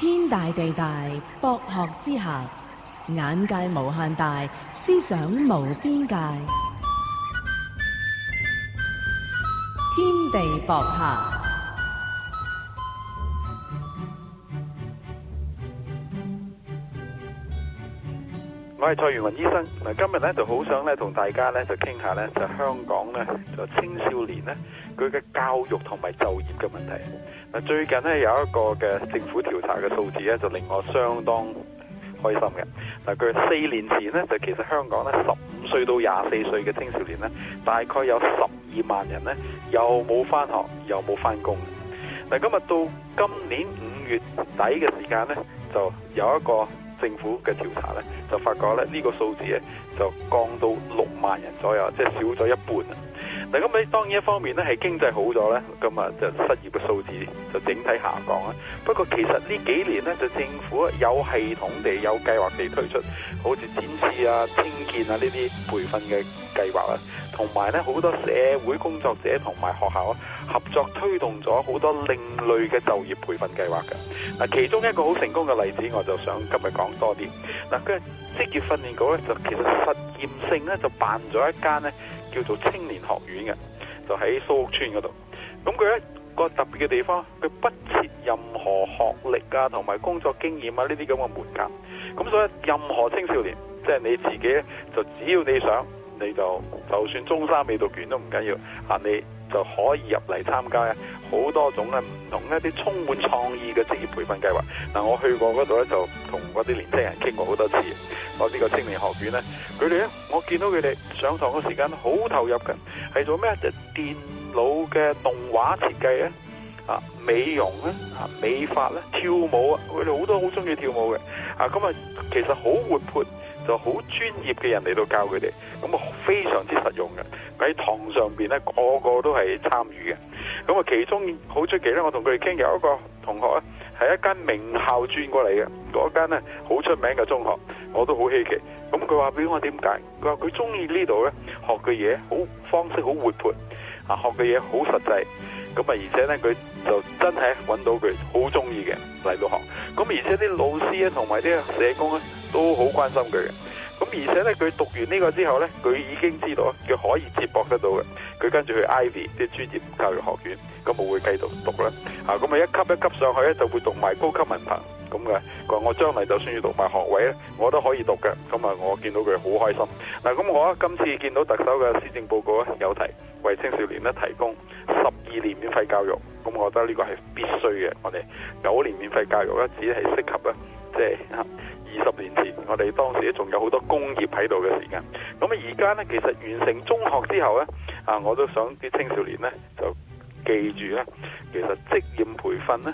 天大地大，博學之下，眼界無限大，思想無邊界。天地博客。我係蔡元雲醫生，嗱今日咧就好想咧同大家咧就傾下咧就香港咧就青少年咧佢嘅教育同埋就業嘅問題。嗱最近呢，有一個嘅政府調查嘅數字咧就令我相當開心嘅。嗱佢四年前呢，就其實香港咧十五歲到廿四歲嘅青少年呢，大概有十二萬人呢，又冇返學又冇返工。嗱今日到今年五月底嘅時間呢，就有一個。政府嘅調查咧，就發覺咧呢個數字咧就降到六萬人左右，即係少咗一半啊！嗱，咁你當然一方面咧係經濟好咗咧，咁啊就失業嘅數字就整體下降啊。不過其實呢幾年咧，就政府有系統地、有計劃地推出好似展翅啊、青見啊呢啲培訓嘅計劃啦，同埋咧好多社會工作者同埋學校合作推動咗好多另類嘅就業培訓計劃嘅。嗱，其中一個好成功嘅例子，我就想今日講多啲。嗱，佢職業訓練局咧就其實實驗性咧就辦咗一間咧叫做青年學院嘅，就喺蘇屋村嗰度。咁佢一個特別嘅地方，佢不設任何學歷啊同埋工作經驗啊呢啲咁嘅門檻。咁所以任何青少年，即係你自己，就只要你想。你就就算中三未讀卷都唔緊要，啊你就可以入嚟參加啊，好多種咧唔同一啲充滿創意嘅職業培訓計劃。嗱，我去過嗰度咧，就同嗰啲年青人傾過好多次。我呢個青年學院咧，佢哋咧，我見到佢哋上堂嘅時間好投入嘅，係做咩？就電腦嘅動畫設計啊，啊美容咧，啊美髮咧，跳舞啊，佢哋好多好中意跳舞嘅啊，咁啊，其實好活潑。就好專業嘅人嚟到教佢哋，咁啊非常之實用嘅。喺堂上邊咧，個個都係參與嘅。咁啊，其中好出奇咧，我同佢哋傾，有一個同學咧係一間名校轉過嚟嘅，嗰間咧好出名嘅中學，我都好稀奇。咁佢話俾我點解？佢話佢中意呢度咧，學嘅嘢好方式好活潑，啊，學嘅嘢好實際。咁啊，而且咧佢。就真係揾到佢好中意嘅，嚟到學，咁而且啲老師咧同埋啲社工咧都好關心佢嘅，咁而且咧佢讀完呢個之後咧，佢已經知道佢可以接駁得到嘅，佢跟住去 Ivy 即係專業教育學院，咁我會繼續讀啦，咁啊一級一級上去咧就會讀埋高級文憑。咁嘅，佢話我，我將來就算要讀埋學位咧，我都可以讀嘅。咁啊，我見到佢好開心。嗱，咁我今次見到特首嘅施政報告咧，有提為青少年呢，提供十二年免費教育，咁我覺得呢個係必須嘅。我哋九年免費教育咧，只係適合咧，即係二十年前我哋當時仲有好多工業喺度嘅時間。咁啊，而家呢，其實完成中學之後呢，啊，我都想啲青少年呢，就記住呢，其實職業培訓呢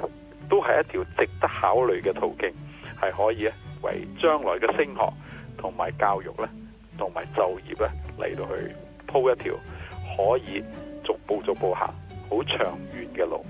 都係一條值得考慮嘅途徑，係可以咧為將來嘅升學同埋教育咧，同埋就業咧嚟到去鋪一條可以逐步逐步行好長遠嘅路。